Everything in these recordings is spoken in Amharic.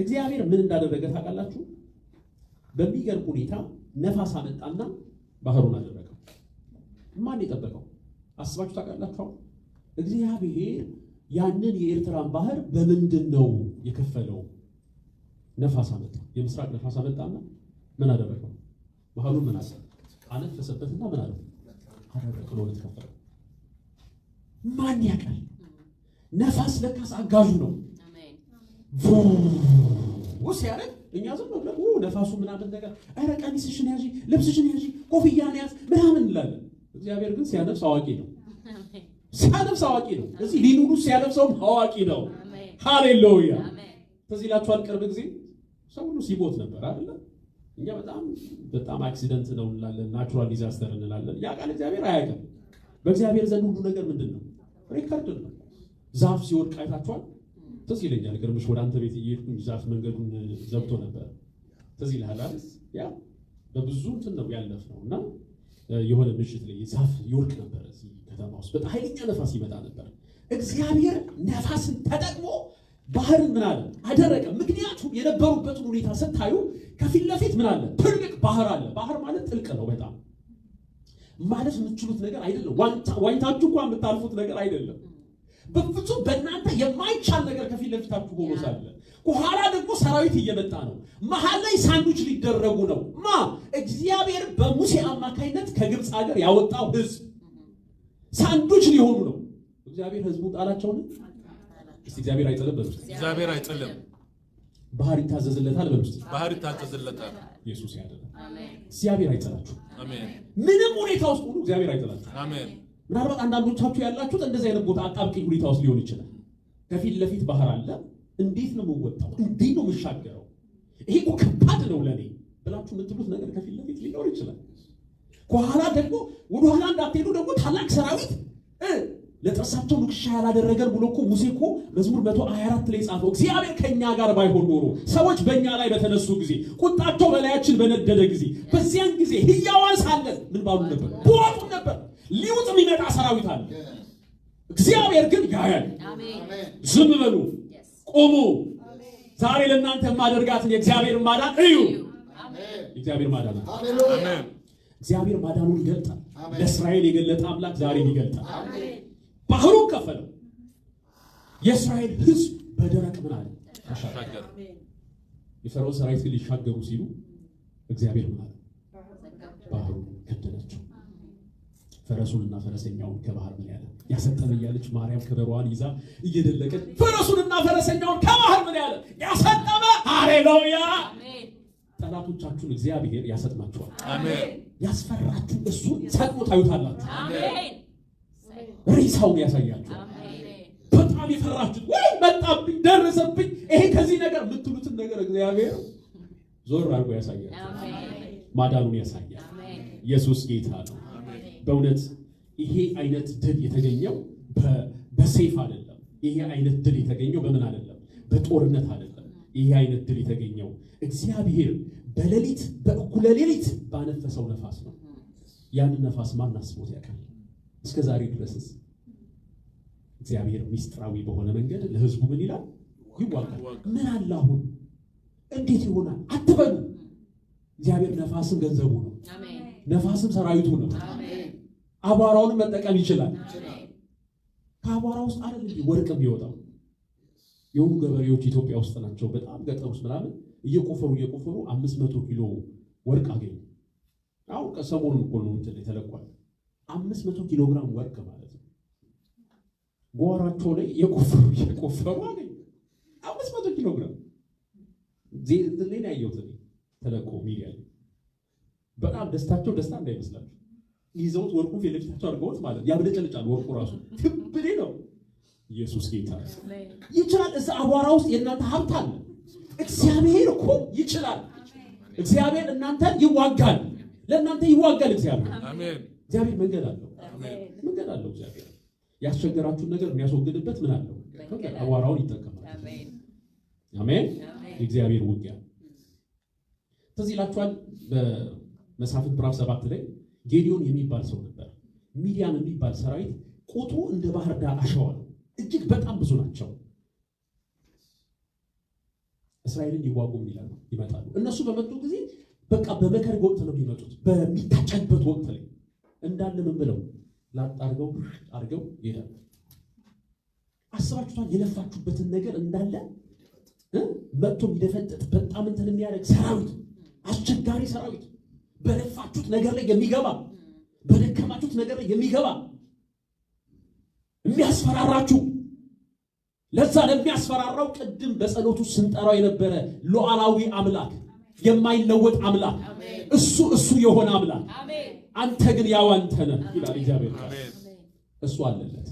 እግዚአብሔር ምን እንዳደረገ ታውቃላችሁ? በሚገርም ሁኔታ ነፋስ አመጣና ባህሩን አደረገው። ማን የጠበቀው? አስባችሁ ታውቃላችሁ? እግዚአብሔር ያንን የኤርትራን ባህር በምንድን ነው የከፈለው? ነፋስ አመጣ። የምስራቅ ነፋስ አመጣና ምን አደረገው? ባህሩን ምን አሰ አነፈሰበትና ምን አደረገ? ማን ያውቃል? ነፋስ ለካስ አጋዥ ነው። ውስ ያለ እኛ ዝም ብለን ነፋሱ ምናምን ነገር ኧረ ቀሚስሽን ያዥ፣ ልብስሽን ያዥ፣ ኮፍያን ያዝ ምናምን እንላለን። እግዚአብሔር ግን ሲያለብስ አዋቂ ነው። ሲያለብስ አዋቂ ነው። እዚህ ሊኑሩ ሲያለብሰውም አዋቂ ነው። ሃሌሉያ። ከዚህ ላችኋል። ቅርብ ጊዜ ሰው ሁሉ ሲሞት ነበር አይደለ? እኛ በጣም በጣም አክሲደንት ነው እንላለን፣ ናቹራል ዲዛስተር እንላለን። ያ ቃል እግዚአብሔር አያውቅም። በእግዚአብሔር ዘንድ ሁሉ ነገር ምንድን ነው? ሪከርድ ነው። ዛፍ ሲወድቅ አይታችኋል? ትዝ ይለኛል ግርምሽ ወደ አንተ ቤት እየሄድኩኝ ዛፍ መንገዱን ዘግቶ ነበር። ትዝ ይልሃል ያ በብዙ እንትን ነው ያለፍነው እና የሆነ ምሽት ላይ ዛፍ ይወርቅ ነበር እዚህ ከተማ ውስጥ በጣም ኃይለኛ ነፋስ ይመጣ ነበር። እግዚአብሔር ነፋስን ተጠቅሞ ባህርን ምን አለ አደረቀ። ምክንያቱም የነበሩበትን ሁኔታ ስታዩ ከፊት ለፊት ምን አለ ትልቅ ባህር አለ። ባህር ማለት ጥልቅ ነው። በጣም ማለት የምትችሉት ነገር አይደለም። ዋኝታችሁ እንኳን የምታልፉት ነገር አይደለም። በፍጹም በእናንተ የማይቻል ነገር ከፊት ለፊታችሁ ጎበዝ አለ። ከኋላ ደግሞ ሰራዊት እየመጣ ነው። መሀል ላይ ሳንዱች ሊደረጉ ነው። ማ እግዚአብሔር በሙሴ አማካኝነት ከግብፅ ሀገር ያወጣው ህዝብ ሳንዱች ሊሆኑ ነው። እግዚአብሔር ህዝቡን ጣላቸውን። እስቲ እግዚአብሔር አይጥልም በሉ። እግዚአብሔር አይጥልም። ባህር ይታዘዝለታል በሉ። ባህር ይታዘዝለታል። ኢየሱስ ያደረ እግዚአብሔር አይጥላችሁ። አሜን። ምንም ሁኔታ ውስጥ ሁሉ እግዚአብሔር አይጥላችሁ። አሜን። ምናልባት አንዳንዶቻችሁ ያላችሁት እንደዚህ አይነት ቦታ አጣብቂኝ ሁኔታ ውስጥ ሊሆን ይችላል። ከፊት ለፊት ባህር አለ። እንዴት ነው የምወጣው? እንዴት ነው የምሻገረው? ይሄ እኮ ከባድ ነው ለእኔ ብላችሁ የምትሉት ነገር ከፊት ለፊት ሊኖር ይችላል። ከኋላ ደግሞ ወደኋላ እንዳትሄዱ ደግሞ ታላቅ ሰራዊት ለጥርሳቸው ንክሻ ያላደረገን ብሎ እኮ ሙሴ እኮ መዝሙር መቶ አራት ላይ ጻፈው። እግዚአብሔር ከእኛ ጋር ባይሆን ኖሮ ሰዎች በእኛ ላይ በተነሱ ጊዜ፣ ቁጣቸው በላያችን በነደደ ጊዜ፣ በዚያን ጊዜ ህያዋን ሳለን ምን ባሉ ነበር? በወጡ ነበር ሊውጥ የሚመጣ ሰራዊት አለ። እግዚአብሔር ግን ያያል። ዝም በሉ፣ ቆሙ። ዛሬ ለእናንተ የማደርጋትን የእግዚአብሔር ማዳን እዩ። እግዚአብሔር ማዳን እግዚአብሔር ማዳኑን ይገልጣል። ለእስራኤል የገለጠ አምላክ ዛሬ ይገልጣል። ባህሩን ከፈለው። የእስራኤል ሕዝብ በደረቅ ምን አለ? ተሻገረ። የፈርዖን ሰራዊት ሊሻገሩ ሲሉ እግዚአብሔር ምን አለ? ፈረሱንና ፈረሰኛውን ከባህር ምን ያለ ያሰጠመ እያለች ማርያም ከበሮዋን ይዛ እየደለቀች ፈረሱንና ፈረሰኛውን ከባህር ምን ያለ ያሰጠመ። ሃሌሉያ! ጠላቶቻችሁን እግዚአብሔር ያሰጥማችኋል። ያስፈራችሁ እሱ ሰጥሞ ታዩታላችሁ። ሬሳውን ያሳያችኋል። በጣም የፈራችሁ ወይ መጣብኝ፣ ደረሰብኝ፣ ይሄ ከዚህ ነገር የምትሉትን ነገር እግዚአብሔር ዞር አድርጎ ያሳያል። ማዳኑን ያሳያል። ኢየሱስ ጌታ ነው። በእውነት ይሄ አይነት ድል የተገኘው በሴፍ አይደለም። ይሄ አይነት ድል የተገኘው በምን አይደለም፣ በጦርነት አይደለም። ይሄ አይነት ድል የተገኘው እግዚአብሔር በሌሊት በእኩለ ሌሊት ባነፈሰው ነፋስ ነው። ያንን ነፋስ ማን አስቦት ያውቃል? እስከ ዛሬ ድረስስ እግዚአብሔር ሚስጥራዊ በሆነ መንገድ ለህዝቡ ምን ይላል? ይዋጋል። ምን አለ አሁን እንዴት ይሆናል አትበሉ። እግዚአብሔር ነፋስን ገንዘቡ ነው። ነፋስም ሰራዊቱ ነው። አቧራውን መጠቀም ይችላል። ከአቧራ ውስጥ አለ እንዲ ወርቅ የሚወጣው የሆኑ ገበሬዎች ኢትዮጵያ ውስጥ ናቸው። በጣም ገጠር ውስጥ ምናምን እየቆፈሩ እየቆፈሩ አምስት መቶ ኪሎ ወርቅ አገኙ። አሁን ከሰሞኑን እኮ ነው እንትን የተለቋል። አምስት መቶ ኪሎ ግራም ወርቅ ማለት ነው። ጓራቸው ላይ እየቆፈሩ እየቆፈሩ አገኙ አምስት መቶ ኪሎ ግራም ዜ ዜና ያየሁት ተለቆ ሚዲያ በጣም ደስታቸው ደስታ እንዳይመስላችሁ ይዘውት ወርቁ ፊት ለፊታቸው አድርገውት ማለት ያብለጨልጫል። ወርቁ ራሱ ትብሌ ነው። ኢየሱስ ጌታ ይችላል። እዛ አቧራ ውስጥ የእናንተ ሀብት አለ። እግዚአብሔር እኮ ይችላል። እግዚአብሔር እናንተን ይዋጋል፣ ለእናንተ ይዋጋል። እግዚአብሔር እግዚአብሔር መንገድ አለው፣ መንገድ አለው። እግዚአብሔር ያስቸገራችሁን ነገር የሚያስወግድበት ምን አለው? አቧራውን ይጠቀማል። አሜን። የእግዚአብሔር ውጊያ ትዝ ይላችኋል። መሳፍንት ምዕራፍ ሰባት ላይ ጌዲዮን የሚባል ሰው ነበር። ሚዲያም የሚባል ሰራዊት ቁጥሩ እንደ ባህር ዳር አሸዋ ነው። እጅግ በጣም ብዙ ናቸው። እስራኤልን ሊዋጉም ይላሉ ይመጣሉ። እነሱ በመጡ ጊዜ በቃ በመከር ወቅት ነው የሚመጡት፣ በሚታጨድበት ወቅት ላይ እንዳለ ምን ብለው ላጥ አድርገው አድርገው ይሄዳሉ። አስባችሁታል? የለፋችሁበትን ነገር እንዳለ መጥቶ የሚደፈጥጥ በጣም እንትን የሚያደርግ ሰራዊት፣ አስቸጋሪ ሰራዊት በለፋችሁት ነገር ላይ የሚገባ በደከማችሁት ነገር ላይ የሚገባ የሚያስፈራራችሁ ለዛ ለሚያስፈራራው ቅድም በጸሎቱ ስንጠራው የነበረ ሉዓላዊ አምላክ የማይለወጥ አምላክ እሱ እሱ የሆነ አምላክ አንተ ግን ያው አንተ ነህ ይላል እግዚአብሔር እሱ አለለት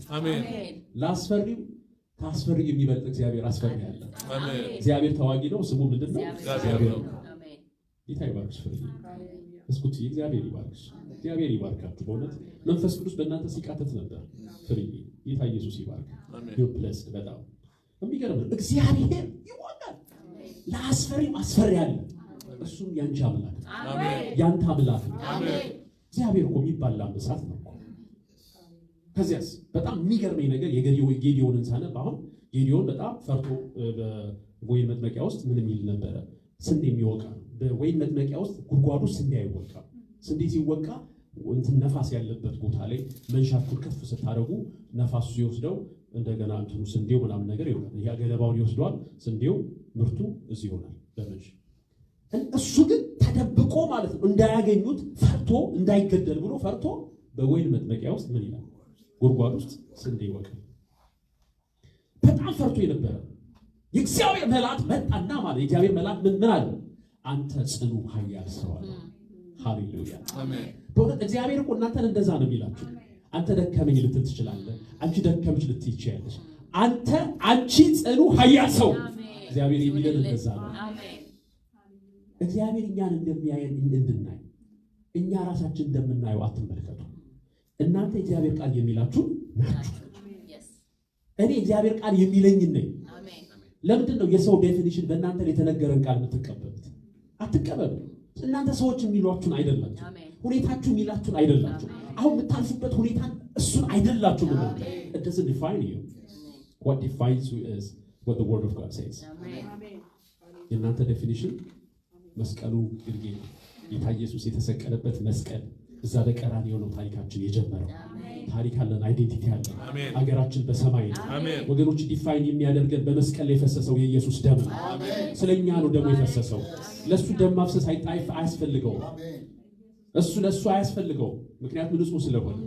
ለአስፈሪው ታስፈሪው የሚበልጥ እግዚአብሔር አስፈሪ ያለ እግዚአብሔር ተዋጊ ነው ስሙ ምንድን ነው እግዚአብሔር ነው ጌታ ይባርክሽ ፍሬ። እስኩት እግዚአብሔር ይባርክሽ፣ እግዚአብሔር ይባርካችሁ። በእውነት መንፈስ ቅዱስ በእናንተ ሲቃተት ነበር። ፍሬ ጌታ ኢየሱስ ይባርክ። ፕለስ በጣም የሚገርም እግዚአብሔር ይወዳል። ለአስፈሪም አስፈሪ አለ። እሱም ያንቺ አምላክ ያንተ አምላክ ነው። እግዚአብሔር እኮ የሚባል ላምሳት ነው። ከዚያስ በጣም የሚገርመኝ ነገር የጌዲዮንን ሳነብ አሁን ጌዲዮን በጣም ፈርቶ በወይን መጥመቂያ ውስጥ ምን የሚል ነበረ? ስንዴ የሚወቃ ነው በወይን መጥመቂያ ውስጥ ጉድጓዱ ስንዴ አይወቃም። ስንዴ ሲወቃ እንትን ነፋስ ያለበት ቦታ ላይ መንሻኩን ከፍ ስታደርጉ ነፋሱ ሲወስደው እንደገና እንትኑ ስንዴው ምናምን ነገር ይሆናል። ያ ገለባውን ይወስደዋል። ስንዴው ምርቱ እዚህ ይሆናል በመንሽ እሱ ግን ተደብቆ ማለት ነው እንዳያገኙት ፈርቶ እንዳይገደል ብሎ ፈርቶ በወይን መጥመቂያ ውስጥ ምን ይላል? ጉድጓድ ውስጥ ስንዴ ይወቃል። በጣም ፈርቶ የነበረ የእግዚአብሔር መልአክ መጣና ማለት የእግዚአብሔር መልአክ ምን ምን አለ አንተ ጽኑ ኃያል ሰዋል። አለ። ሃሌሉያ በእውነት እግዚአብሔር እኮ እናንተን እንደዛ ነው የሚላችሁ። አንተ ደከመኝ ልትል ትችላለህ። አንቺ ደከምች ልትይ ትችላለች። አንተ አንቺ ጽኑ ኃያል ሰው እግዚአብሔር የሚለን እንደዛ ነው። እግዚአብሔር እኛን እንደሚያየን እንድናይ እኛ ራሳችን እንደምናየው አትመልከቱ። እናንተ እግዚአብሔር ቃል የሚላችሁ ናችሁ። እኔ እግዚአብሔር ቃል የሚለኝ ነኝ። ለምንድን ነው የሰው ዴፊኒሽን በእናንተ የተነገረን ቃል የምትቀበሉት? አትቀበሉ። እናንተ ሰዎች የሚሏችሁን አይደላችሁ፣ ሁኔታችሁ የሚላችሁን አይደላችሁ። አሁን የምታልፉበት ሁኔታን እሱን አይደላችሁ። ምን it doesn't define you what defines you is what the word of God says የእናንተ ዴፊኒሽን መስቀሉ ግርጌ ጌታ ኢየሱስ የተሰቀለበት መስቀል እዛ በቀራንዮ ነው ታሪካችን የጀመረው። ታሪክ አለን፣ አይዴንቲቲ አለን። አገራችን በሰማይ ነው። ወገኖች ዲፋይን የሚያደርገን በመስቀል ላይ የፈሰሰው የኢየሱስ ደም ነው። ስለ እኛ ነው ደግሞ የፈሰሰው። ለእሱ ደም ማፍሰስ አያስፈልገው፣ እሱ ለእሱ አያስፈልገው፣ ምክንያቱም ንጹህ ስለሆነ።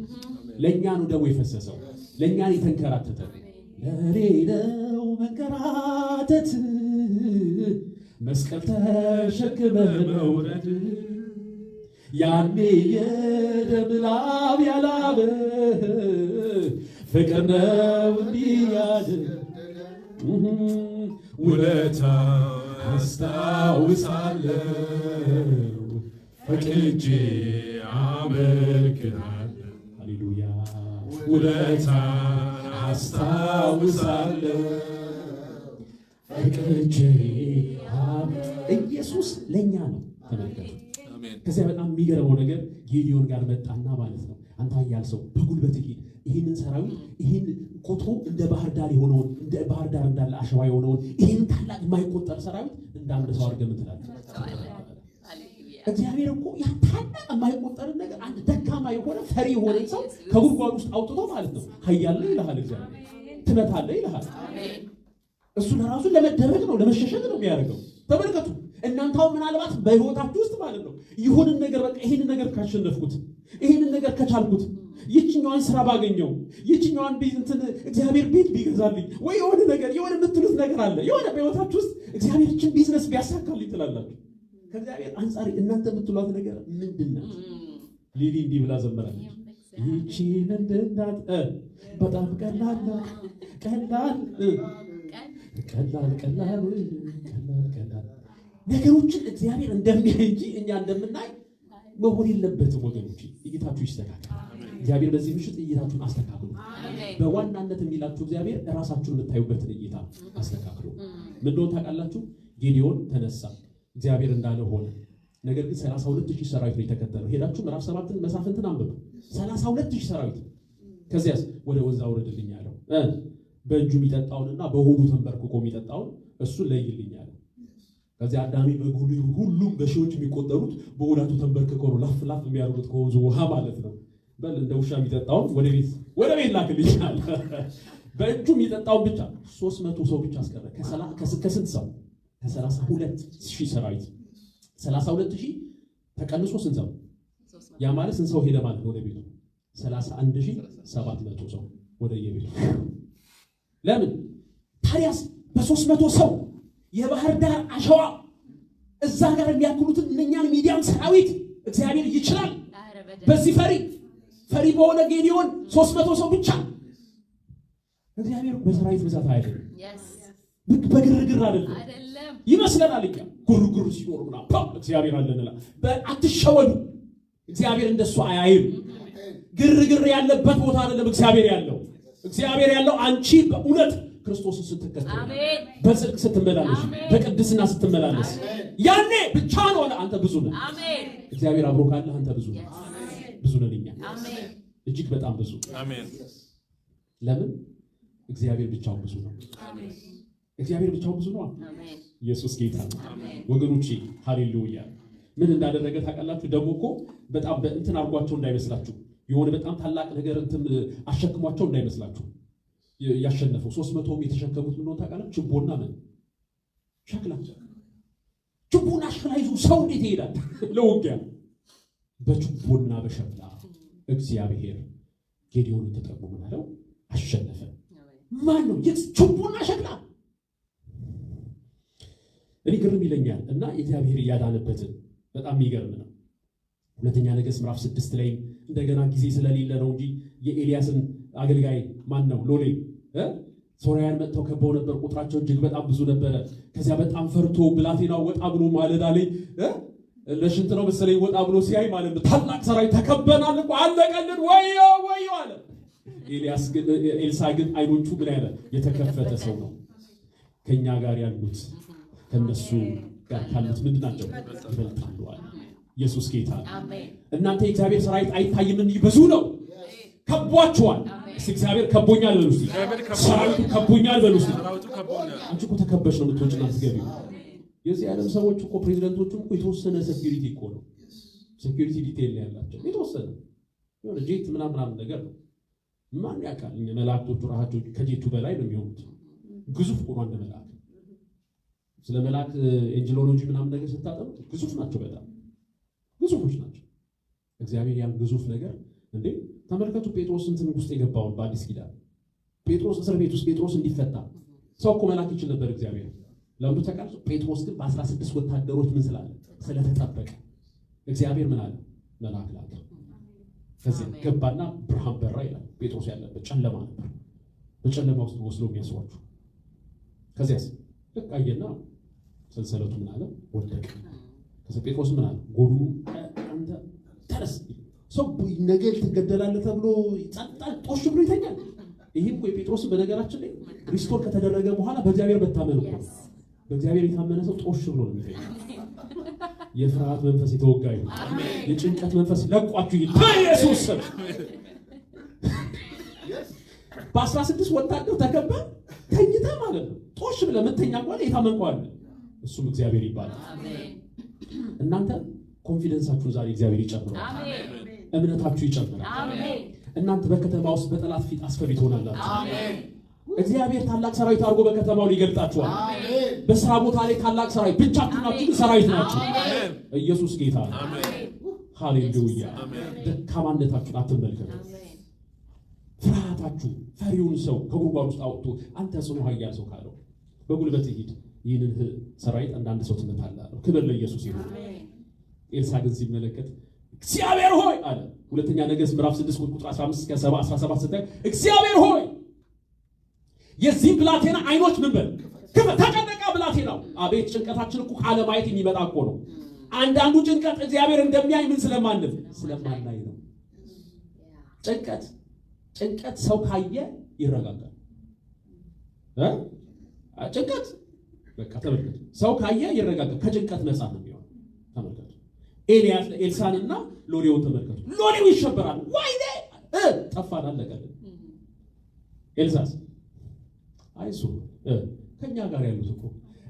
ለእኛ ነው ደግሞ የፈሰሰው፣ ለእኛ ነው የተንከራተተ። ለሌለው መንከራተት መስቀል ተሸክመ ነው ያኔ የደም ላብ ያላበህ ፍቅር ነው እንዲያድ ውለታ አስታውሳለሁ ፈቅጄ አመልክሃለሁ። ሃሌሉያ ውለታ አስታውሳለሁ ፈቅጄ ኢየሱስ ለእኛ ነው ተመልከቱ ከዚያ በጣም የሚገርመው ነገር ጌዲዮን ጋር መጣና ማለት ነው አንተ ኃያል ሰው በጉልበት ሂድ፣ ይህንን ሰራዊት ይህን ቁጥሩ እንደ ባህር ዳር የሆነውን እንደ ባህር ዳር እንዳለ አሸዋ የሆነውን ይህን ታላቅ የማይቆጠር ሰራዊት እንደ አንድ ሰው አድርገህ ምትላለህ። እግዚአብሔር እኮ ያ ታላቅ የማይቆጠርን ነገር አንድ ደካማ የሆነ ፈሪ የሆነ ሰው ከጉድጓድ ውስጥ አውጥቶ ማለት ነው ሀያለ ነው ይልሃል፣ እግዚአብሔር ትመታለህ ይልሃል። እሱ ለራሱ ለመደረግ ነው ለመሸሸግ ነው የሚያደርገው። ተመልከቱ እናንተው ምናልባት በህይወታችሁ ውስጥ ማለት ነው ይሁንን ነገር በቃ ይህንን ነገር ካሸነፍኩት፣ ይህንን ነገር ከቻልኩት፣ ይችኛዋን ስራ ባገኘው፣ ይችኛዋን እንትን እግዚአብሔር ቤት ቢገዛልኝ፣ ወይ የሆነ ነገር የሆነ የምትሉት ነገር አለ። የሆነ በህይወታችሁ ውስጥ እግዚአብሔር ቢዝነስ ቢያሳካልኝ ትላላችሁ። ከእግዚአብሔር አንጻር እናንተ የምትሏት ነገር ምንድን ሊሊ እንዲህ ብላ ዘመራለች። ይቺ ምንድን በጣም ቀላል ቀላል ቀላል ቀላል ቀላል ነገሮችን እግዚአብሔር እንደሚያይ እንጂ እኛ እንደምናይ መሆን የለበትም ወገኖች። እይታችሁ ይስተካከል። እግዚአብሔር በዚህ ምሽት እይታችሁን አስተካክሉ። በዋናነት የሚላችሁ እግዚአብሔር ራሳችሁን የምታዩበትን እይታ አስተካክሉ። ምንደሆን ታውቃላችሁ? ጌዲዮን ተነሳ፣ እግዚአብሔር እንዳለ ሆነ። ነገር ግን ሰላሳ ሁለት ሺህ ሰራዊት ነው የተከተለው። ሄዳችሁ ምዕራፍ ሰባትን መሳፍንትን አንብቡ። ሰላሳ ሁለት ሺህ ሰራዊት ከዚያስ ወደ ወንዝ አውርድልኝ አለው። በእጁ የሚጠጣውንና በሆዱ ተንበርክኮ የሚጠጣውን እሱን ለይልኝ አለው። ከዚህ አዳሚ በጉልቱ ሁሉም በሺዎች የሚቆጠሩት በወዳቱ ተንበርክኮ ነው ላፍ ላፍ የሚያደርጉት ከወንዙ ውሃ ማለት ነው። በል እንደ ውሻ የሚጠጣውን ወደ ቤት ወደ ቤት ላክልኝ በእጁ የሚጠጣውን ብቻ ሶስት መቶ ሰው ብቻ አስቀረ። ከስንት ሰው? ከሰላሳ ሁለት ሺህ ሰራዊት ሰላሳ ሁለት ሺህ ተቀንሶ ስንት ሰው? ያ ማለት ስንት ሰው ሄደ ማለት ወደ ቤቱ? ሰላሳ አንድ ሺህ ሰባት መቶ ሰው ወደ የቤቱ። ለምን ታዲያስ በሶስት መቶ ሰው የባህር ዳር አሸዋ እዛ ጋር የሚያክሉትን እነኛን ሚዲያም ሰራዊት እግዚአብሔር ይችላል። በዚህ ፈሪ ፈሪ በሆነ ጌዲዮን ሶስት መቶ ሰው ብቻ እግዚአብሔር በሰራዊት ብዛት አይደለም፣ በግርግር አይደለም። ይመስለናል እኛ ጉርጉር ሲኖር ምና እግዚአብሔር አለንላ። አትሸወዱ፣ እግዚአብሔር እንደሱ አያይም። ግርግር ያለበት ቦታ አይደለም እግዚአብሔር ያለው። እግዚአብሔር ያለው አንቺ በእውነት ክርስቶስን ስትከተል፣ በጽድቅ ስትመላለስ፣ በቅድስና ስትመላለስ፣ ያኔ ብቻ ሆነ አንተ ብዙ ነህ። እግዚአብሔር አብሮ ካለ አንተ ብዙ ነህ። ብዙ ነን እኛ እጅግ በጣም ብዙ። ለምን እግዚአብሔር ብቻውን ብዙ ነው። እግዚአብሔር ብቻውን ብዙ ነው። ኢየሱስ ጌታ ነው። ወገኖቼ ሃሌሉያ! ምን እንዳደረገ ታውቃላችሁ? ደግሞ እኮ በጣም በእንትን አድርጓቸው እንዳይመስላችሁ የሆነ በጣም ታላቅ ነገር እንትን አሸክሟቸው እንዳይመስላችሁ ያሸነፈው። ሶስት መቶም የተሸከሙት ምን ታውቃለህ? ችቦና ምን ሸክላ። ችቦና ሸክላ ይዞ ሰው እንዴት ይሄዳል ለውጊያ? በችቦና በሸክላ እግዚአብሔር ጌዲዮንን ተጠቅሞ ምን አለው? አሸነፈ። ማን ነው? ችቦና ሸክላ። እኔ ግርም ይለኛል እና እግዚአብሔር እያዳነበትን በጣም የሚገርም ነው። ሁለተኛ ነገሥት ምዕራፍ ስድስት ላይ እንደገና ጊዜ ስለሌለ ነው እንጂ የኤልያስን አገልጋይ ማን ነው ሎሌ ሶርያን መጥተው ከበው ነበር። ቁጥራቸው እጅግ በጣም ብዙ ነበረ። ከዚያ በጣም ፈርቶ ብላቴናው ወጣ ብሎ ማለዳ ላይ ለሽንት ነው መሰለኝ ወጣ ብሎ ሲያይ ማለት ነው ታላቅ ሰራዊት ተከበናል እኮ አለቀልን፣ ወዮ ወዮ አለ። ኤልያስ ግን ኤልሳ ግን አይኖቹ ምን ያለ የተከፈተ ሰው ነው። ከኛ ጋር ያሉት ከነሱ ጋር ካሉት ምንድን ናቸው ይበልጣሉ አለ። ኢየሱስ ጌታ። እናንተ የእግዚአብሔር ሰራዊት አይታይምን? ብዙ ነው ከቧቸዋል እግዚአብሔር ከቦኛል በሉ እስቲ፣ ሰራዊቱ ከቦኛል በሉ እስቲ። አንቺ እኮ ተከበሽ ነው የምትወጪና ትገቢው። የዚህ ዓለም ሰዎች እኮ ፕሬዚደንቶቹም እኮ የተወሰነ ሴኪሪቲ እኮ ነው ሴኪሪቲ ዲቴል ያላቸው የተወሰነ የሆነ ጄት ምናምናም ነገር ነው። ማን ያውቃል? መላእክቶቹ ራሳቸው ከጄቱ በላይ ነው የሚሆኑት። ግዙፍ ሆኖ እንደ መላእክት ስለ መላእክት ኤንጅሎሎጂ ምናምን ነገር ስታጠም ግዙፍ ናቸው፣ በጣም ግዙፎች ናቸው። እግዚአብሔር ያን ግዙፍ ነገር እንዴ ተመልከቱ ጴጥሮስን እንትን ውስጥ የገባውን በአዲስ ኪዳን ጴጥሮስ እስር ቤት ውስጥ ጴጥሮስ እንዲፈታ ሰው እኮ መላክ ይችል ነበር እግዚአብሔር ለምዱ ተቀርጾ ጴጥሮስ ግን በአስራ ስድስት ወታደሮች ምን ስላለ ስለተጠበቀ እግዚአብሔር ምን አለ መላክ ላለ ከዚህ ገባና ብርሃን በራ ይላል ጴጥሮስ ያለበት ጨለማ ነበር በጨለማ ውስጥ ወስዶ የሚያስዋችሁ ከዚያስ ልክ አየና ሰንሰለቱ ምን አለ ወደቀ ከዚ ጴጥሮስ ምን አለ ጎኑ አንተ ተረስ ሰው ነገ ትገደላለህ ተብሎ ይጸጥጣል፣ ጦሽ ብሎ ይተኛል። ይህም የጴጥሮስ በነገራችን ላይ ሪስቶር ከተደረገ በኋላ በእግዚአብሔር መታመን ነው። በእግዚአብሔር የታመነ ሰው ጦሽ ብሎ ነው የፍርሃት መንፈስ የተወጋ ይሁን፣ የጭንቀት መንፈስ ለቋችሁ በኢየሱስ ስም። በአስራ ስድስት ወታደር ተከበህ ተኝተህ ማለት ነው ጦሽ ብለህ የምትተኛ ከሆነ የታመንከዋል። እሱም እግዚአብሔር ይባላል። እናንተ ኮንፊደንሳችሁን ዛሬ እግዚአብሔር ይጨምረዋል። እምነታችሁ ይጨምራል። እናንተ በከተማ ውስጥ በጠላት ፊት አስፈሪ ትሆናላችሁ። እግዚአብሔር ታላቅ ሰራዊት አድርጎ በከተማው ሊገልጣችኋል። በስራ ቦታ ላይ ታላቅ ሰራዊት፣ ብቻችሁ ናችሁ፣ ሰራዊት ናችሁ። ኢየሱስ ጌታ ነው። ሃሌሉያ። ደካማነታችሁን አትመልከቱ። ፍርሃታችሁ ፈሪውን ሰው ከጉድጓድ ውስጥ አውጥቶ አንተ ጽኑ ኃያል ሰው ካለው በጉልበት ሂድ ይህንን ሰራዊት አንዳንድ ሰው ትመታለህ አለው። ክብር ለኢየሱስ ይሁን። ኤልሳ ግን ሲመለከት እግዚአብሔር ሆይ አለ። ሁለተኛ ነገሥት ምዕራፍ 6 ቁጥር 15 እስከ 7 17 ስታይ እግዚአብሔር ሆይ የዚህ ብላቴና አይኖች ምን በል ክፈት። ተጨነቀ ብላቴናው። አቤት ጭንቀታችን እኮ ካለማየት የሚመጣ እኮ ነው። አንዳንዱ ጭንቀት እግዚአብሔር እንደሚያይ ምን ስለማንል ስለማናይ ነው። ጭንቀት ጭንቀት ሰው ካየ ይረጋጋል። ጭንቀት በቃ ተመልከቱ፣ ሰው ካየ ይረጋጋል። ከጭንቀት ነፃ ነው። ኤልያስ ኤልሳንና ሎሌውን ተመልከቱ። ሎሌው ይሸበራል። ዋይ ጠፋን፣ አለቀልን። ኤልሳስ አይሱ ከኛ ጋር ያሉት እኮ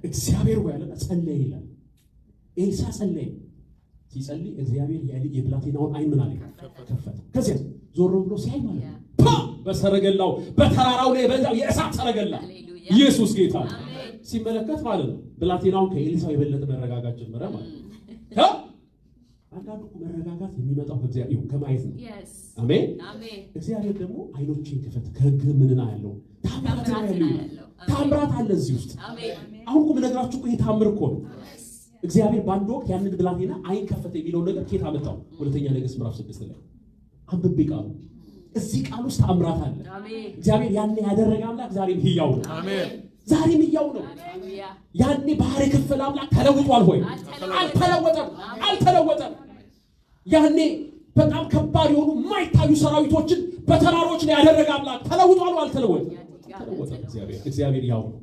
እግዚአብሔር ወይ ያለና ጸለይ ይላል። ኤልሳ ጸለይ። ሲጸልይ እግዚአብሔር የብላቴናውን አይን ምን አለ ከፈተ። ከዚያ ዞሮ ብሎ ሲያይ ማለት ነው በሰረገላው በተራራው ላይ በዛው የእሳት ሰረገላ ኢየሱስ ጌታ ሲመለከት ማለት ነው ብላቴናውን ከኤልሳው የበለጠ መረጋጋት ጀመረ ማለት ነው። አንዳንዱ መረጋጋት የሚመጣው ከእግዚአብሔር ከማየት ነው። አሜን። እግዚአብሔር ደግሞ አይኖችን ክፈት፣ ከህግ ምንና ያለው ታምራት አለ እዚህ ውስጥ። አሁን ቁም ነገራችሁ ይሄ ታምር እኮ ነው። እግዚአብሔር በአንድ ወቅት ያንን ብላቴና አይን ከፈተ የሚለውን ነገር ኬት አመጣው? ሁለተኛ ነገሥት ምዕራፍ ስድስት ላይ አንብቤ ቃሉ እዚህ ቃል ውስጥ ታምራት አለ። እግዚአብሔር ያን ያደረገ አምላክ ዛሬም ህያው ነው። ዛሬም እያው ነው። ያኔ ባህር ክፍል አምላክ ተለውጧል ሆይ? አልተለወጠም፣ አልተለወጠም። ያኔ በጣም ከባድ የሆኑ የማይታዩ ሰራዊቶችን በተራሮች ላይ ያደረገ አምላክ ተለውጧል፣ አልተለወጠም። አልተለወጠም። እግዚአብሔር እግዚአብሔር ያው ነው።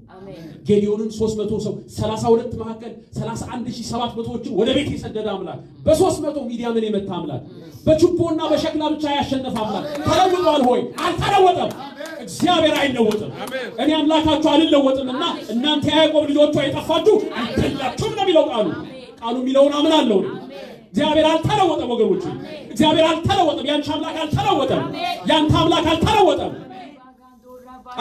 ጌዲዮንን 300 ሰው 32 መካከል 31700ዎቹ ወደ ቤት የሰደደ አምላክ፣ በ300 ሚዲያምን የመታ አምላክ፣ በችቦና በሸክላ ብቻ ያሸነፈ አምላክ ተለውጧል ሆይ? አልተለወጠም። እግዚአብሔር አይለወጥም። እኔ አምላካችሁ አልለወጥምና እና እናንተ ያዕቆብ ልጆቿ የጠፋችሁ አይደላችሁም ነው የሚለው ቃሉ። ቃሉ የሚለውን አምናለሁ። እግዚአብሔር አልተለወጠም ወገኖች፣ እግዚአብሔር አልተለወጠም። ያንቺ አምላክ አልተለወጠም። ያንተ አምላክ አልተለወጠም።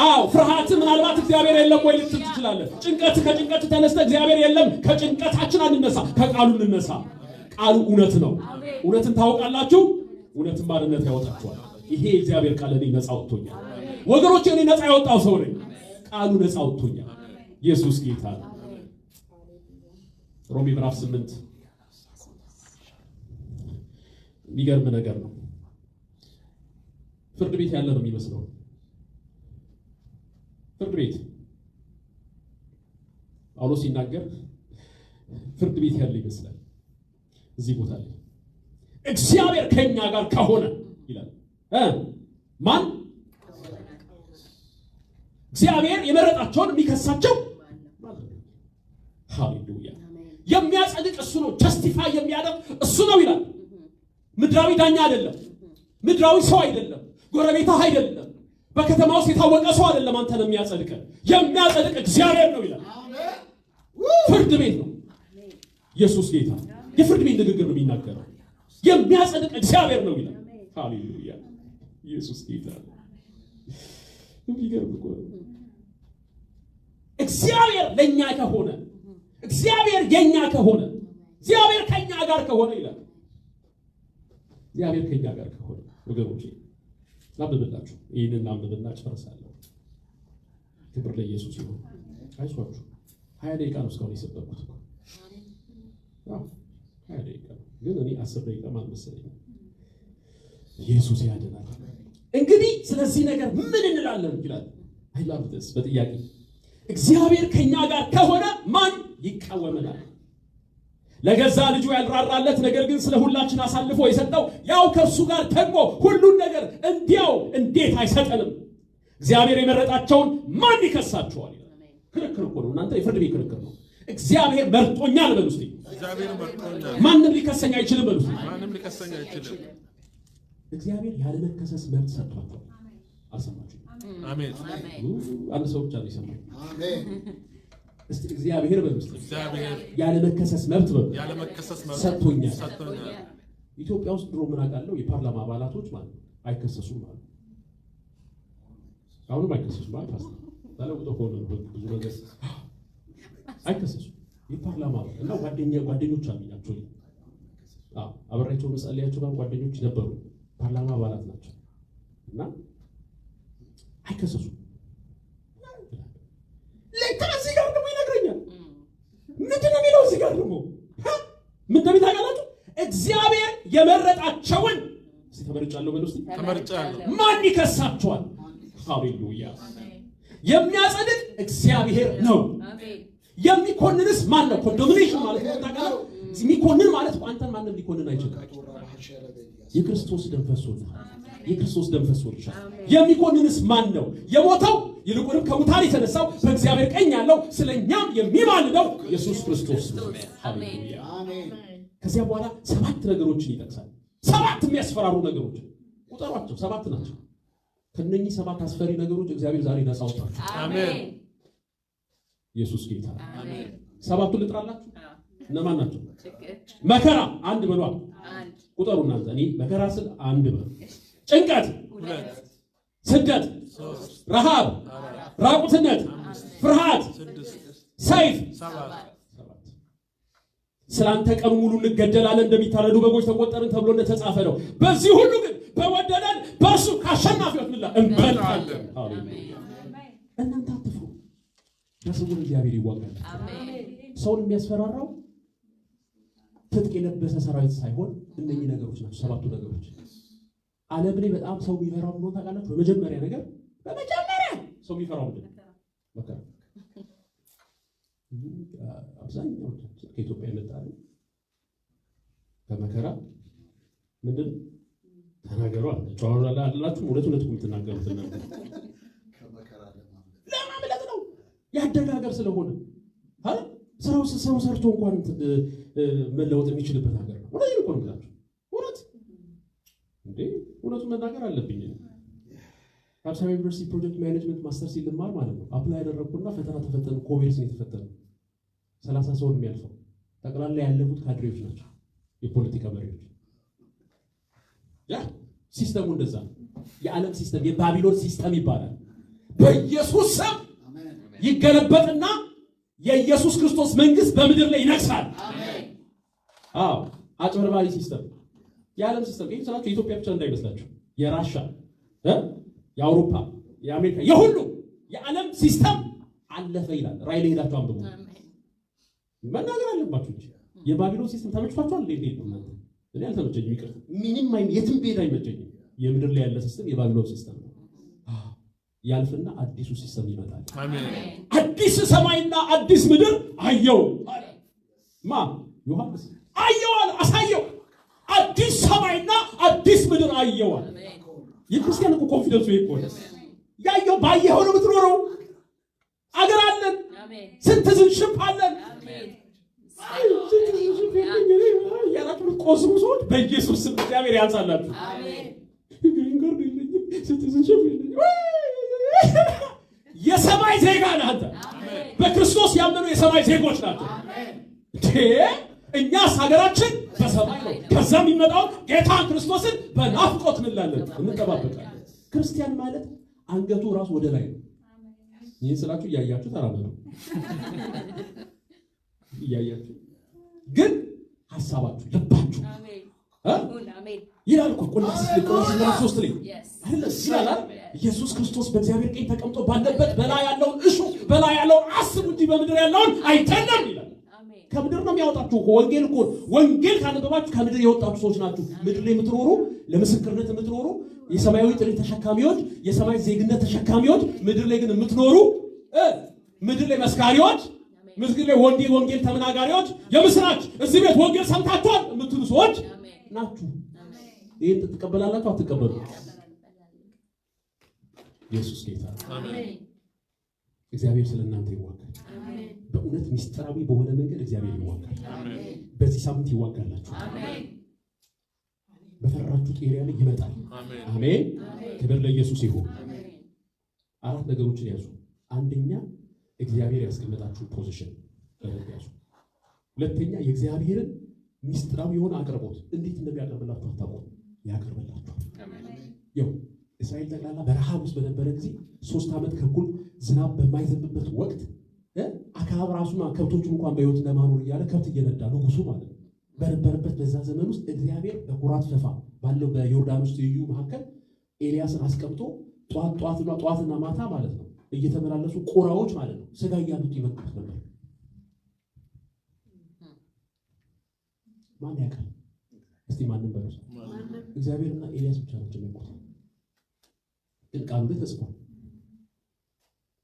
አዎ ፍርሃት ምናልባት እግዚአብሔር የለም ወይ ልትል ትችላለህ። ጭንቀት ከጭንቀት ተነስተ እግዚአብሔር የለም፣ ከጭንቀታችን አንነሳ፣ ከቃሉ እንነሳ። ቃሉ እውነት ነው። እውነትን ታውቃላችሁ፣ እውነትን ባርነት ያወጣችኋል። ይሄ የእግዚአብሔር ቃል እኔ ነፃ ወጥቶኛል ወገኖች፣ እኔ ነፃ ያወጣው ሰው ነኝ። ቃሉ ነፃ ወጥቶኛል። ኢየሱስ ጌታ ነው። ሮሜ ምዕራፍ ስምንት የሚገርም ነገር ነው። ፍርድ ቤት ያለ ነው የሚመስለው ፍርድ ቤት ጳውሎስ ሲናገር ፍርድ ቤት ያለ ይመስላል። እዚህ ቦታ ላይ እግዚአብሔር ከኛ ጋር ከሆነ ይላል ማን እግዚአብሔር የመረጣቸውን የሚከሳቸው ሃሌሉያ የሚያጸድቅ እሱ ነው። ጀስቲፋይ የሚያደርግ እሱ ነው ይላል። ምድራዊ ዳኛ አይደለም። ምድራዊ ሰው አይደለም። ጎረቤታ አይደለም። በከተማ ውስጥ የታወቀ ሰው አይደለም አንተን የሚያጸድቀ የሚያጸድቅ እግዚአብሔር ነው ይላል። ፍርድ ቤት ነው ኢየሱስ ጌታ። የፍርድ ቤት ንግግር ነው የሚናገረው። የሚያጸድቅ እግዚአብሔር ነው ይላል። ሃሌሉያ ኢየሱስ ጌታ። የሚገርም እኮ እግዚአብሔር ለእኛ ከሆነ እግዚአብሔር የኛ ከሆነ እግዚአብሔር ከኛ ጋር ከሆነ ይላል። እግዚአብሔር ከኛ ጋር ከሆነ ወገኖቼ ላንብብላችሁ። ይህንን ላንብብና ጨርሳለሁ። ክብር ለኢየሱስ ይሁን። አይዟችሁ። ሀያ ደቂቃ ነው እስካሁን የሰበኩት ሀያ ደቂቃ ነው፣ ግን እኔ አስር ደቂቃ አልመሰለኝም። ኢየሱስ ያድናል። እንግዲህ ስለዚህ ነገር ምን እንላለን ይላል። አይላምትስ በጥያቄ እግዚአብሔር ከእኛ ጋር ከሆነ ማን ይቃወመናል? ለገዛ ልጁ ያልራራለት ነገር ግን ስለ ሁላችን አሳልፎ የሰጠው ያው ከእሱ ጋር ደግሞ ሁሉን ነገር እንዲያው እንዴት አይሰጠንም? እግዚአብሔር የመረጣቸውን ማን ይከሳቸዋል? ክርክር እኮ ነው እናንተ፣ የፍርድ ቤት ክርክር ነው። እግዚአብሔር መርጦኛል በሉ እስኪ። ማንም ሊከሰኝ አይችልም በሉ እስኪ። እግዚአብሔር ያለመከሰስ መብት ሰጥቷቸዋል። አልሰማችሁ? አንድ ሰው ብቻ ነው የሰማው። እስቲ እግዚአብሔር በምስጥ ያለ መከሰስ መብት ሰጥቶኛል። ኢትዮጵያ ውስጥ ድሮ ምን አውቃለሁ የፓርላማ አባላቶች ማለት ነው አይከሰሱም ማለት አሁንም አይከሰሱም ማለት ፓስ ተለውጦ ከሆነ ብዙ ነገር አይከሰሱም። የፓርላማ አባላት እና ጓደኛ ጓደኞች አሉኝ አክቹዋሊ አብሬያቸው መጸለያቸው ጋር ጓደኞች ነበሩ። ፓርላማ አባላት ናቸው እና አይከሰሱም ለካ ጋር ምንድን ነው የሚለው እዚህ ጋር ደግሞ እግዚአብሔር የመረጣቸውን ተመርጫለሁ በል ውስጥ ተመርጫለሁ ማን ይከሳቸዋል ሃሌሉያ የሚያጸድቅ እግዚአብሔር ነው የሚኮንንስ ማን ነው ኮንዶሚኔሽን ማለት ነው የሚኮንን ማለት አንተን ማንም ሊኮንን አይችልም የክርስቶስ ደም ፈሶልሃል የክርስቶስ ደም ፈሶልሻል የሚኮንንስ ማን ነው የሞተው ይልቁንም ከሙታን የተነሳው በእግዚአብሔር ቀኝ ያለው ስለኛም የሚማልደው ኢየሱስ ክርስቶስ ከዚያ በኋላ ሰባት ነገሮችን ይጠቅሳል። ሰባት የሚያስፈራሩ ነገሮች ቁጠሯቸው፣ ሰባት ናቸው። ከነኚህ ሰባት አስፈሪ ነገሮች እግዚአብሔር ዛሬ ነሳውታል። አሜን። ኢየሱስ ጌታ። ሰባቱን ልጥራላችሁ። እነማን ናቸው? መከራ አንድ በሏ፣ ቁጠሩ እናንተ። እኔ መከራ ስል አንድ በሉ። ጭንቀት፣ ስደት፣ ረሃብ ራቁትነት፣ ፍርሃት፣ ሰይፍ ስላንተ አንተ ቀኑ ሙሉ እንገደላለን እንደሚታረዱ በጎች ተቆጠርን ተብሎ እንደተጻፈ ነው። በዚህ ሁሉ ግን በወደደን በእርሱ ከአሸናፊዎች ምላ እንበልጣለን። እናንተ አትፍሩ፣ በስውር እግዚአብሔር ይዋጋል። ሰውን የሚያስፈራራው ትጥቅ የለበሰ ሰራዊት ሳይሆን እነኚህ ነገሮች ናቸው፣ ሰባቱ ነገሮች። ዓለም ላይ በጣም ሰው የሚፈራው ብሎ ታውቃላችሁ? በመጀመሪያ ነገር በመጀመሪያ ሰው የሚፈራው ምንድን ነው? መከራ። አብዛኛው ከኢትዮጵያ የመጣ በመከራ ምንድን ተናገሩ አላችሁ። ሁለት ሁለት የምትናገሩት ለማምለጥ ነው። ያደገ ሀገር ስለሆነ ስራው ሰው ሰርቶ እንኳን መለወጥ የሚችልበት ሀገር ነው። እውነት እውነቱን መናገር አለብኝ። አዲስ አበባ ዩኒቨርሲቲ ፕሮጀክት ማኔጅመንት ማስተር ሲልማር ማለት ነው አፕላይ ያደረግኩና ፈተና ተፈተኑ። ኮቪድስ ነው የተፈተነው። ሰላሳ ሰው ነው የሚያልፈው። ጠቅላላ ያለፉት ካድሬዎች ናቸው፣ የፖለቲካ መሪዎች። ያ ሲስተሙ እንደዛ ነው። የዓለም ሲስተም የባቢሎን ሲስተም ይባላል። በኢየሱስ ስም ይገለበጥና የኢየሱስ ክርስቶስ መንግስት በምድር ላይ ይነግሳል። አዎ አጭበርባሪ ሲስተም፣ የዓለም ሲስተም ይህ ስላቸው የኢትዮጵያ ብቻ እንዳይመስላቸው የራሻ የአውሮፓ የአሜሪካ የሁሉ የዓለም ሲስተም አለፈ ይላል። ራይ ላይ ሄዳችሁ አንብቡ። መናገር አለባችሁ እንጂ የባቢሎን ሲስተም ተመችቷችኋል? እንዴ ነው እናንተ? እኔ አልተመቸኝም፣ ይቅር ምንም አይ የትም ብሄድ አይመቸኝም። የምድር ላይ ያለ ሲስተም የባቢሎን ሲስተም ነው። ያልፍና አዲሱ ሲስተም ይመጣል። አዲስ ሰማይና አዲስ ምድር አየው ማ ዮሐንስ አየዋል፣ አሳየው። አዲስ ሰማይና አዲስ ምድር አየዋል። የክርስቲያን እኮ ኮንፊደንሱ ይሄ እኮ ያየው ባየኸው ነው የምትኖረው። አገር አለን፣ ስንት ዝንሽፕ አለን። ያላችሁ ቆስሙ ሰዎች በኢየሱስ ስም እግዚአብሔር ያንሳላችሁ። የሰማይ ዜጋ ናት። በክርስቶስ ያመኑ የሰማይ ዜጎች ናቸው። እኛስ ሀገራችን በሰማይ ነው። ከዛ የሚመጣው ጌታ ክርስቶስን በናፍቆት እንላለን፣ እንጠባበቃለን። ክርስቲያን ማለት አንገቱ ራሱ ወደ ላይ ነው። ይህን ስላችሁ እያያችሁ ነው እያያችሁ ግን ሀሳባችሁ ልባችሁ ይላል እኮ ቆላስይስ ሶስት ላይ አለ ሲላላል ኢየሱስ ክርስቶስ በእግዚአብሔር ቀኝ ተቀምጦ ባለበት በላይ ያለውን እሹ በላይ ያለውን አስቡ እንጂ በምድር ያለውን አይተለም ይላል። ከምድር ነው የሚያወጣችሁ። ወንጌል እኮ ወንጌል ካነበባችሁ ከምድር የወጣችሁ ሰዎች ናችሁ። ምድር ላይ የምትኖሩ ለምስክርነት የምትኖሩ የሰማያዊ ጥሪ ተሸካሚዎች፣ የሰማይ ዜግነት ተሸካሚዎች፣ ምድር ላይ ግን የምትኖሩ ምድር ላይ መስካሪዎች፣ ምድር ላይ ወንጌል ወንጌል ተመናጋሪዎች፣ የምስራች እዚህ ቤት ወንጌል ሰምታችኋል የምትሉ ሰዎች ናችሁ። ይህን ትቀበላላችሁ አትቀበሉ? ኢየሱስ ጌታ እግዚአብሔር ስለ እናንተ ይዋጋል። በእውነት ሚስጥራዊ በሆነ መንገድ እግዚአብሔር ይዋጋል። በዚህ ሳምንት ይዋጋላችሁ። በፈራችሁ ኤሪያ ላይ ይመጣል። አሜን። ክብር ለኢየሱስ ይሁን። አራት ነገሮችን ያዙ። አንደኛ እግዚአብሔር ያስቀመጣችሁ ፖዚሽን በደንብ ያዙ። ሁለተኛ የእግዚአብሔርን ሚስጥራዊ የሆነ አቅርቦት እንዴት እንደሚያቀርብላችሁ አታውቁም። ያቀርብላችኋል። ያው እስራኤል ጠቅላላ በረሃብ ውስጥ በነበረ ጊዜ ሶስት ዓመት ከኩል ዝናብ በማይዘንብበት ወቅት አካባቢ ራሱና ከብቶቹ እንኳን በህይወት ለማኖር እያለ ከብት እየነዳ ንጉሱ ማለት ነው በነበረበት በዛ ዘመን ውስጥ እግዚአብሔር በኩራት ፈፋ ባለው በዮርዳኖስ ትይዩ መካከል ኤልያስን አስቀምጦ ጠዋት ጠዋትና ጠዋትና ማታ ማለት ነው እየተመላለሱ ቁራዎች ማለት ነው ስጋ እያሉት ይመግቡት ነበር። ማን ያውቃል? እስቲ ማንም በሉ እግዚአብሔርና ኤልያስ ብቻ ናቸው የሚያውቁት። ግን ቃሉ ላይ ተጽፏል።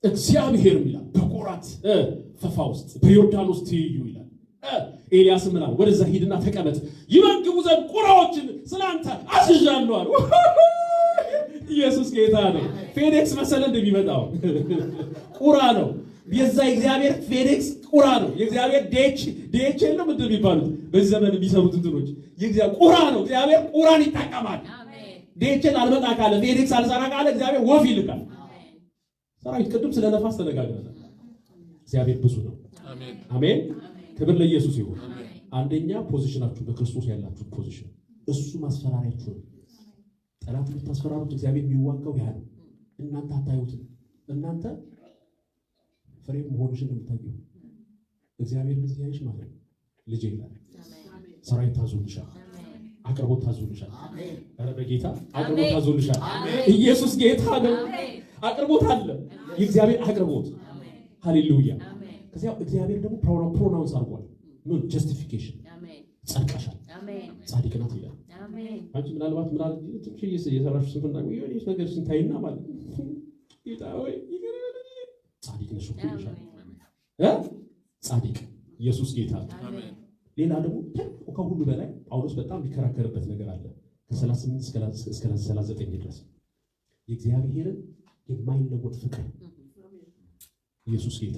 እግዚአብሔር ይላል በቆራት ፈፋ ውስጥ በዮርዳኖስ ትይዩ ይላል ኤልያስ ምናል ወደዛ ሂድና ተቀመጥ፣ ይመግቡ ዘንድ ቁራዎችን ስለአንተ አስዣለዋል። ኢየሱስ ጌታ ነው። ፌዴክስ መሰለ እንደሚመጣው ቁራ ነው። የዛ እግዚአብሔር ፌዴክስ ቁራ ነው። የእግዚአብሔር ዴች ዴች የለም ምንድን የሚባሉት በዚህ ዘመን የሚሰሩት እንትኖች ቁራ ነው። እግዚአብሔር ቁራን ይጠቀማል። ዴችን አልመጣ ካለ ፌዴክስ አልሰራ ካለ እግዚአብሔር ወፍ ይልካል። ሰራዊት ቅድም ስለ ነፋስ ተነጋግረናል። እግዚአብሔር ብዙ ነው። አሜን። ክብር ለኢየሱስ ይሁን። አንደኛ ፖዚሽናችሁ በክርስቶስ ያላችሁ ፖዚሽን እሱ ማስፈራሪያችሁ ነው። ጠላት የምታስፈራሩት እግዚአብሔር የሚዋጋው ያ ነው። እናንተ አታዩትም። እናንተ ፍሬ መሆንሽን የምታየው እግዚአብሔር ጊዜ ያይሽ ማለት ነው። ልጅ ይላል ሰራዊት ታዞልሻል፣ አቅርቦት ታዞልሻል። ኧረ በጌታ አቅርቦት ታዞልሻል። ኢየሱስ ጌታ ነው። አቅርቦት አለ። የእግዚአብሔር አቅርቦት ሃሌሉያ። ከዚያ እግዚአብሔር ደግሞ ፕሮናውንስ አድርጓል። ምን ጀስቲፊኬሽን ጸድቀሻል፣ ጻድቅ ናት ይላል። አንቺ ምናልባት ምናል ትንሽ የሰራሽ ስንፍና የሆነ ነገር ስንታይና ማለት ጻድቅ ነሽ ይሻል ጻድቅ ኢየሱስ ጌታ። ሌላ ደግሞ ትልቁ ከሁሉ በላይ ጳውሎስ በጣም ሊከራከርበት ነገር አለ ከ38 እስከ 39 ድረስ የእግዚአብሔርን የማይለወጥ ፍቅር ኢየሱስ ጌታ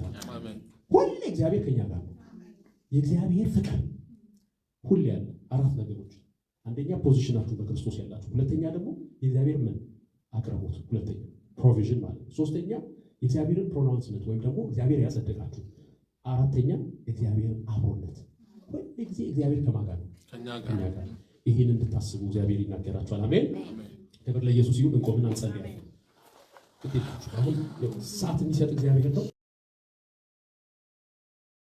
ሁሌ እግዚአብሔር ከኛ ጋር ነው። የእግዚአብሔር ፍቅር ሁሌ ያለ አራት ነገሮች፣ አንደኛ ፖዚሽናችሁ በክርስቶስ ያላችሁ፣ ሁለተኛ ደግሞ የእግዚአብሔር ምን አቅርቦት፣ ሁለተኛ ፕሮቪዥን ማለት ነው። ሶስተኛ የእግዚአብሔርን ፕሮናውንስመንት ወይም ደግሞ እግዚአብሔር ያጸደቃችሁ፣ አራተኛ የእግዚአብሔርን አብሮነት። ሁሌ ጊዜ እግዚአብሔር ከማን ጋር ነው? ከእኛ ጋር። ይህን እንድታስቡ እግዚአብሔር ይናገራችኋል። አሜን። ክብር ለኢየሱስ ይሁን። እንቆምን አንጸልያለን አሁን ሳት የሚሰጥ እግዚአብሔር ነው።